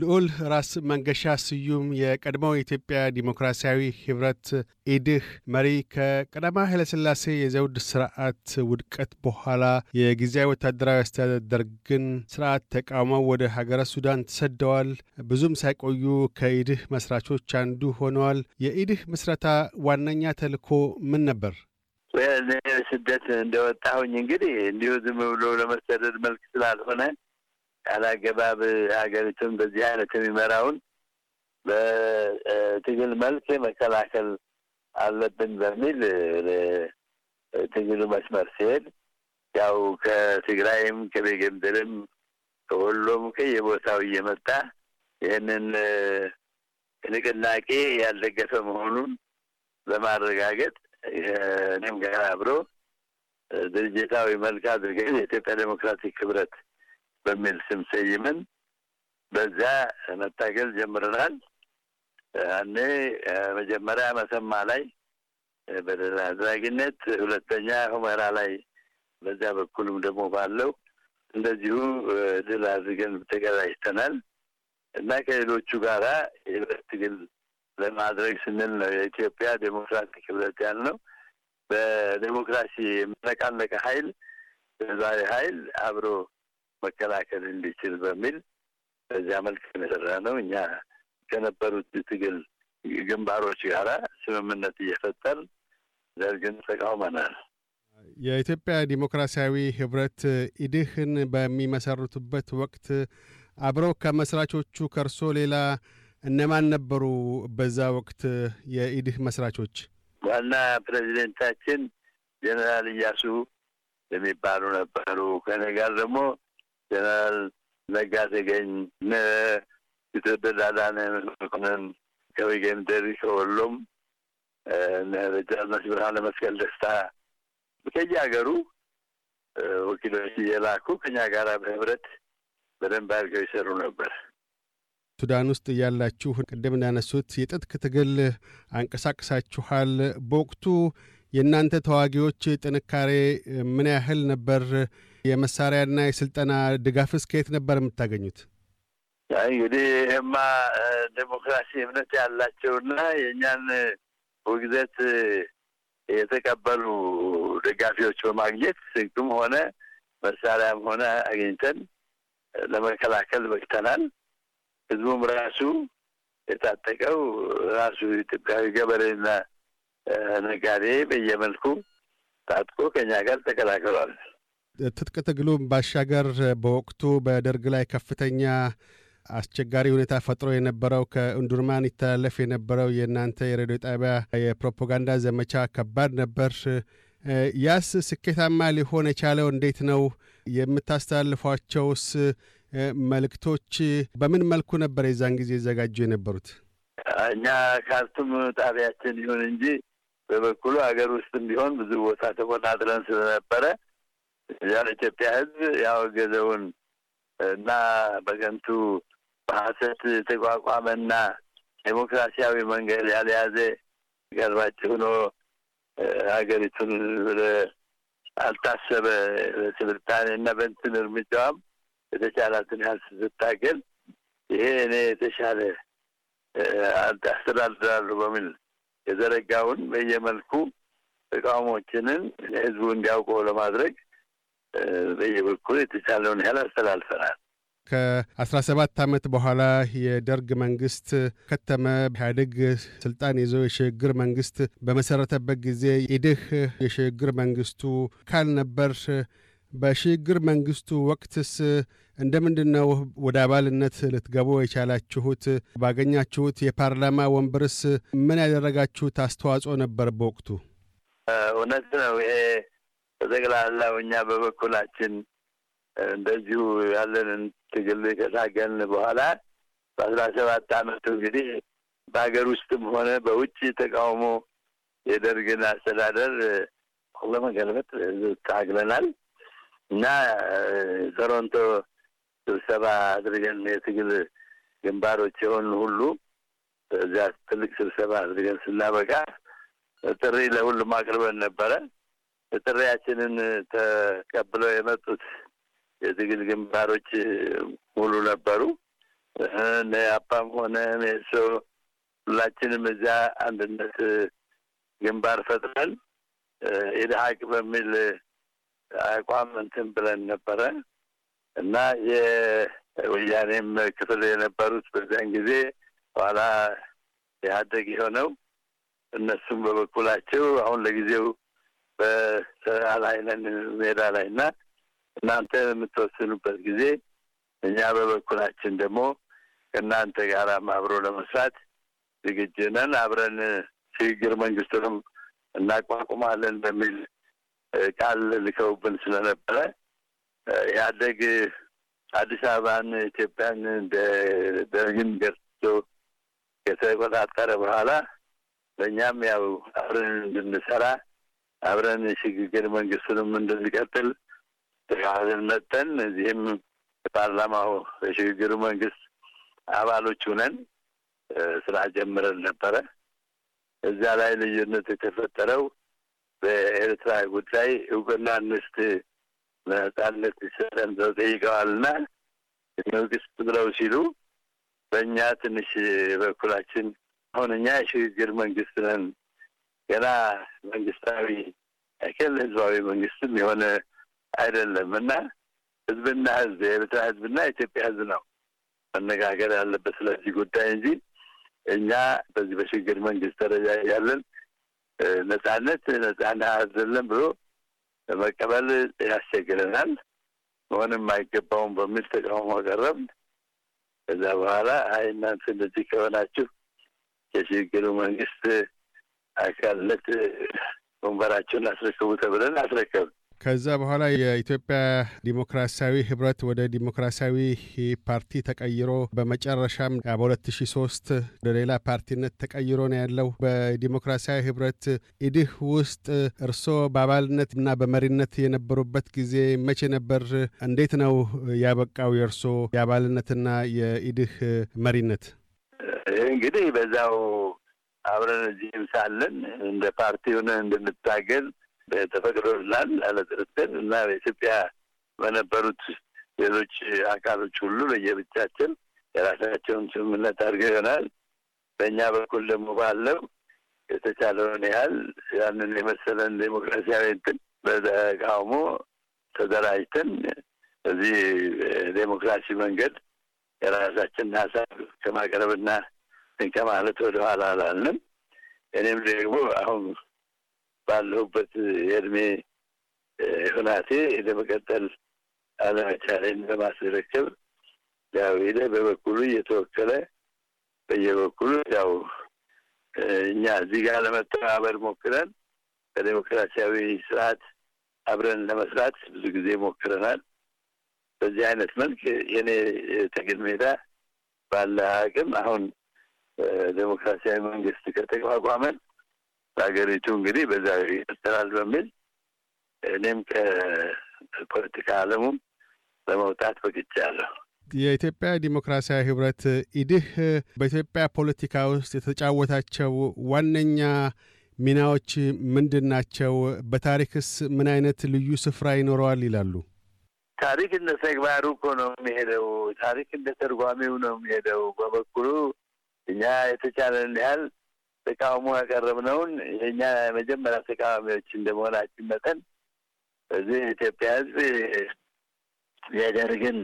ልዑል ራስ መንገሻ ስዩም የቀድሞው የኢትዮጵያ ዲሞክራሲያዊ ህብረት ኢድህ መሪ ከቀዳማ ኃይለሥላሴ የዘውድ ስርዓት ውድቀት በኋላ የጊዜያዊ ወታደራዊ አስተዳደር ደርግን ስርዓት ተቃውመው ወደ ሀገረ ሱዳን ተሰደዋል። ብዙም ሳይቆዩ ከኢድህ መስራቾች አንዱ ሆነዋል። የኢድህ ምስረታ ዋነኛ ተልእኮ ምን ነበር? ስደት እንደወጣሁኝ እንግዲህ እንዲሁ ዝም ብሎ ለመሰደድ መልክ ስላልሆነ ያላገባብ ሀገሪቱን በዚህ አይነት የሚመራውን በትግል መልክ መከላከል አለብን በሚል ትግሉ መስመር ሲሄድ ያው ከትግራይም ከቤጌምድርም ከሁሉም ከየቦታው እየመጣ ይህንን ንቅናቄ ያልደገፈ መሆኑን በማረጋገጥ እኔም ጋር አብሮ ድርጅታዊ መልክ አድርገን የኢትዮጵያ ዴሞክራቲክ ህብረት በሚል ስም ሰይመን በዚያ መታገል ጀምረናል። እኔ መጀመሪያ መሰማ ላይ በደል አድራጊነት፣ ሁለተኛ ሁመራ ላይ በዚያ በኩልም ደግሞ ባለው እንደዚሁ ድል አድርገን ተቀዳጅተናል እና ከሌሎቹ ጋራ የህብረት ትግል ለማድረግ ስንል ነው። የኢትዮጵያ ዴሞክራቲክ ህብረት ያል ነው። በዴሞክራሲ የሚነቃነቀ ሀይል በዛሬ ሀይል አብሮ መከላከል እንዲችል በሚል በዚያ መልክ የሰራ ነው። እኛ ከነበሩት ትግል ግንባሮች ጋር ስምምነት እየፈጠር ደርግን ተቃውመናል። የኢትዮጵያ ዲሞክራሲያዊ ህብረት ኢድህን በሚመሰርቱበት ወቅት አብረው ከመስራቾቹ ከእርሶ ሌላ እነማን ነበሩ? በዛ ወቅት የኢድህ መስራቾች ዋና ፕሬዚደንታችን ጀኔራል እያሱ የሚባሉ ነበሩ። ከኔ ጋር ደግሞ ጀነራል ነጋዴ ገኝ፣ የተወደድ አዳነ መኮንን፣ ከበጌን ደሪሶ ወሎም፣ ረጃዝማች ብርሃነ መስቀል ደስታ ከየሀገሩ ወኪሎች እየላኩ ከኛ ጋር በህብረት በደንብ አድርገው ይሰሩ ነበር። ሱዳን ውስጥ እያላችሁ ቅድም እንዳነሱት የትጥቅ ትግል አንቀሳቅሳችኋል። በወቅቱ የእናንተ ተዋጊዎች ጥንካሬ ምን ያህል ነበር? የመሳሪያና የስልጠና ድጋፍ እስከየት ነበር የምታገኙት? እንግዲህ ይህማ ዴሞክራሲ እምነት ያላቸውና የእኛን ውግዘት የተቀበሉ ደጋፊዎች በማግኘት ስንቱም ሆነ መሳሪያም ሆነ አግኝተን ለመከላከል በቅተናል። ህዝቡም ራሱ የታጠቀው ራሱ ኢትዮጵያዊ ገበሬና ነጋዴ በየመልኩ ታጥቆ ከኛ ጋር ተቀላቅሏል። ትጥቅ ትግሉ ባሻገር በወቅቱ በደርግ ላይ ከፍተኛ አስቸጋሪ ሁኔታ ፈጥሮ የነበረው ከእንዱርማን ይተላለፍ የነበረው የእናንተ የሬዲዮ ጣቢያ የፕሮፓጋንዳ ዘመቻ ከባድ ነበር። ያስ ስኬታማ ሊሆን የቻለው እንዴት ነው? የምታስተላልፏቸውስ መልእክቶች በምን መልኩ ነበር የዛን ጊዜ ይዘጋጁ የነበሩት? እኛ ካርቱም ጣቢያችን ይሁን እንጂ በበኩሉ ሀገር ውስጥም ቢሆን ብዙ ቦታ ተቆጣጥረን ስለነበረ ያለ ኢትዮጵያ ሕዝብ ያወገዘውን እና በከንቱ በሐሰት የተቋቋመና ዴሞክራሲያዊ መንገድ ያልያዘ ገርባጭ ሆኖ ሀገሪቱን ወደ አልታሰበ ስልጣኔ እና በንትን እርምጃዋም የተቻላትን ያህል ስታገል ይሄ እኔ የተሻለ አስተዳድራሉ በሚል የዘረጋውን በየመልኩ ተቃውሞችንን ህዝቡ እንዲያውቀው ለማድረግ በየበኩል የተቻለውን ያህል አስተላልፈናል። ከአስራ ሰባት ዓመት በኋላ የደርግ መንግስት ከተመ። ኢህአዴግ ስልጣን ይዞ የሽግግር መንግስት በመሰረተበት ጊዜ ኢድህ የሽግግር መንግስቱ ካል ነበር። በሽግግር መንግስቱ ወቅትስ እንደምንድን ነው ወደ አባልነት ልትገቡ የቻላችሁት? ባገኛችሁት የፓርላማ ወንበርስ ምን ያደረጋችሁት አስተዋጽኦ ነበር በወቅቱ? እውነት ነው ይሄ በጠቅላላው እኛ በበኩላችን እንደዚሁ ያለንን ትግል ከታገልን በኋላ በአስራ ሰባት አመቱ እንግዲህ በሀገር ውስጥም ሆነ በውጭ ተቃውሞ የደርግን አስተዳደር ለመገልበጥ ታግለናል እና ቶሮንቶ ስብሰባ አድርገን የትግል ግንባሮች የሆኑ ሁሉ በዚያ ትልቅ ስብሰባ አድርገን ስናበቃ ጥሪ ለሁሉም አቅርበን ነበረ። ጥሪያችንን ተቀብለው የመጡት የትግል ግንባሮች ሙሉ ነበሩ። ነያፓም ሆነ ሜሶ ሁላችንም እዚያ አንድነት ግንባር ፈጥረን ኢድሀቅ በሚል አቋም እንትን ብለን ነበረ እና የወያኔም ክፍል የነበሩት በዚያን ጊዜ ኋላ ኢህአዴግ የሆነው እነሱም በበኩላቸው አሁን ለጊዜው በስራ ላይ ነን፣ ሜዳ ላይ እና እናንተ የምትወስኑበት ጊዜ እኛ በበኩላችን ደግሞ ከእናንተ ጋር አብሮ ለመስራት ዝግጁ ነን። አብረን ሽግግር መንግስቱንም እናቋቁማለን በሚል ቃል ልከውብን ስለነበረ ያደግ አዲስ አበባን ኢትዮጵያን ደግን ገርቶ የተቆጣጠረ በኋላ ለእኛም ያው አብረን እንድንሰራ አብረን የሽግግር መንግስቱንም እንድንቀጥል ተጋህዝን መጠን እዚህም የፓርላማው የሽግግሩ መንግስት አባሎች ሁነን ስራ ጀምረን ነበረ። እዛ ላይ ልዩነት የተፈጠረው በኤርትራ ጉዳይ እውቅና እንስት ነጻነት ይሰጠን ብለው ጠይቀዋልና መንግስት ብለው ሲሉ በእኛ ትንሽ በኩላችን አሁን እኛ የሽግግር መንግስት ነን ገና መንግስታዊ ክል ህዝባዊ መንግስትም የሆነ አይደለም እና ህዝብና ህዝብ የኤርትራ ህዝብና የኢትዮጵያ ህዝብ ነው መነጋገር ያለበት ስለዚህ ጉዳይ እንጂ እኛ በዚህ በሽግግር መንግስት ደረጃ ያለን ነጻነት ነጻና አይደለም ብሎ መቀበል ያስቸግረናል። መሆንም አይገባውም በሚል ተቃውሞ ቀረብ። ከዛ በኋላ አይ እናንተ እንደዚህ ከሆናችሁ የሽግግሩ መንግስት አካለት ወንበራቸውን አስረክቡ ተብለን አስረከብ ከዛ በኋላ የኢትዮጵያ ዲሞክራሲያዊ ህብረት ወደ ዲሞክራሲያዊ ፓርቲ ተቀይሮ በመጨረሻም በሁለት ሺ ሶስት ወደ ሌላ ፓርቲነት ተቀይሮ ነው ያለው። በዲሞክራሲያዊ ህብረት ኢድህ ውስጥ እርስዎ በአባልነት እና በመሪነት የነበሩበት ጊዜ መቼ ነበር? እንዴት ነው ያበቃው የእርስዎ የአባልነትና የኢድህ መሪነት? እንግዲህ በዛው አብረን እዚህም ሳለን እንደ ፓርቲ ሆነ እንድንታገል ተፈቅዶልናል ያለ እና በኢትዮጵያ በነበሩት ሌሎች አካሎች ሁሉ ለየብቻችን የራሳቸውን ስምምነት አድርገው ይሆናል። በእኛ በኩል ደግሞ ባለው የተቻለውን ያህል ያንን የመሰለን ዴሞክራሲያዊ እንትን በተቃውሞ ተደራጅተን እዚህ ዴሞክራሲ መንገድ የራሳችንን ሀሳብ ከማቅረብና ከማለት ወደ ኋላ አላልንም። እኔም ደግሞ አሁን ባለሁበት የእድሜ ሁናቴ ለመቀጠል አለመቻሌን ለማስረከብ ያው ሄደ በበኩሉ እየተወከለ በየበኩሉ ያው እኛ እዚህ ጋር ለመተባበር ሞክረን በዴሞክራሲያዊ ስርዓት አብረን ለመስራት ብዙ ጊዜ ሞክረናል። በዚህ አይነት መልክ የኔ ተገድ ሜዳ ባለ አቅም አሁን ዴሞክራሲያዊ መንግስት ከተቋቋመን በሀገሪቱ እንግዲህ በዛ ይቀጥላል በሚል እኔም ከፖለቲካ አለሙም ለመውጣት በቅቻለሁ። የኢትዮጵያ ዲሞክራሲያዊ ህብረት ኢድህ በኢትዮጵያ ፖለቲካ ውስጥ የተጫወታቸው ዋነኛ ሚናዎች ምንድን ናቸው? በታሪክስ ምን አይነት ልዩ ስፍራ ይኖረዋል ይላሉ? ታሪክ እንደ ተግባሩ እኮ ነው የሚሄደው። ታሪክ እንደ ተርጓሚው ነው የሚሄደው። በበኩሉ እኛ የተቻለን ያህል ተቃውሞ ያቀረብነውን የእኛ የመጀመሪያ ተቃዋሚዎች እንደመሆናችን መጠን በዚህ የኢትዮጵያ ሕዝብ የደርግን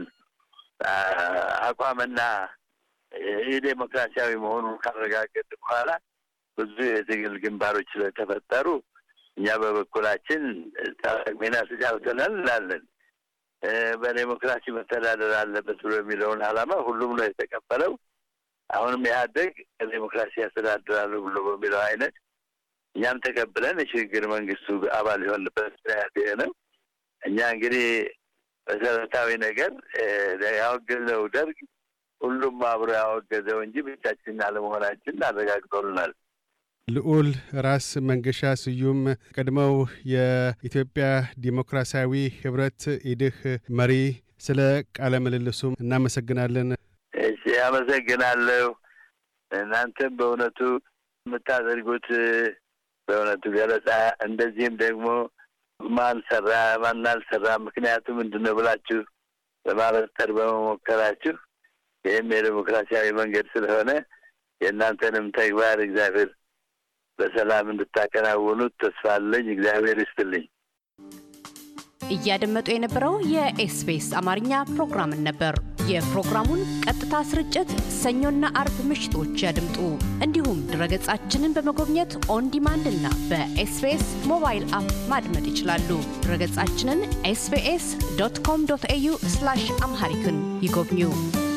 አቋምና ይህ ዴሞክራሲያዊ መሆኑን ካረጋገጥ በኋላ ብዙ የትግል ግንባሮች ስለተፈጠሩ እኛ በበኩላችን ሚና ተጫውተናል እንላለን። በዴሞክራሲ መተዳደር አለበት ብሎ የሚለውን አላማ ሁሉም ነው የተቀበለው። አሁንም ያደግ ዴሞክራሲ ያስተዳድራሉ ብሎ በሚለው አይነት እኛም ተቀብለን የሽግግር መንግስቱ አባል የሆንበት ምክንያት ነው። እኛ እንግዲህ መሰረታዊ ነገር ያወገዘው ደርግ ሁሉም አብሮ ያወገዘው እንጂ ብቻችን አለመሆናችን አረጋግጦልናል። ልዑል ራስ መንገሻ ስዩም ቀድመው የኢትዮጵያ ዲሞክራሲያዊ ህብረት ኢድህ መሪ፣ ስለ ቃለ ምልልሱም እናመሰግናለን። እሺ አመሰግናለሁ። እናንተም በእውነቱ የምታደርጉት በእውነቱ ገለጻ እንደዚህም ደግሞ ማን ሰራ ማን አልሰራ ምክንያቱ ምንድን ነው ብላችሁ ለማበጠር በመሞከራችሁ ይህም የዴሞክራሲያዊ መንገድ ስለሆነ የእናንተንም ተግባር እግዚአብሔር በሰላም እንድታከናውኑት ተስፋ አለኝ። እግዚአብሔር ይስጥልኝ። እያደመጡ የነበረው የኤስፔስ አማርኛ ፕሮግራምን ነበር። የፕሮግራሙን ቀጥታ ስርጭት ሰኞና አርብ ምሽቶች ያድምጡ። እንዲሁም ድረገጻችንን በመጎብኘት ኦን እና በኤስቢኤስ ሞባይል አፕ ማድመጥ ይችላሉ። ድረገጻችንን ኤስቢኤስ ዶት ኮም ዶት ኤዩ አምሃሪክን ይጎብኙ።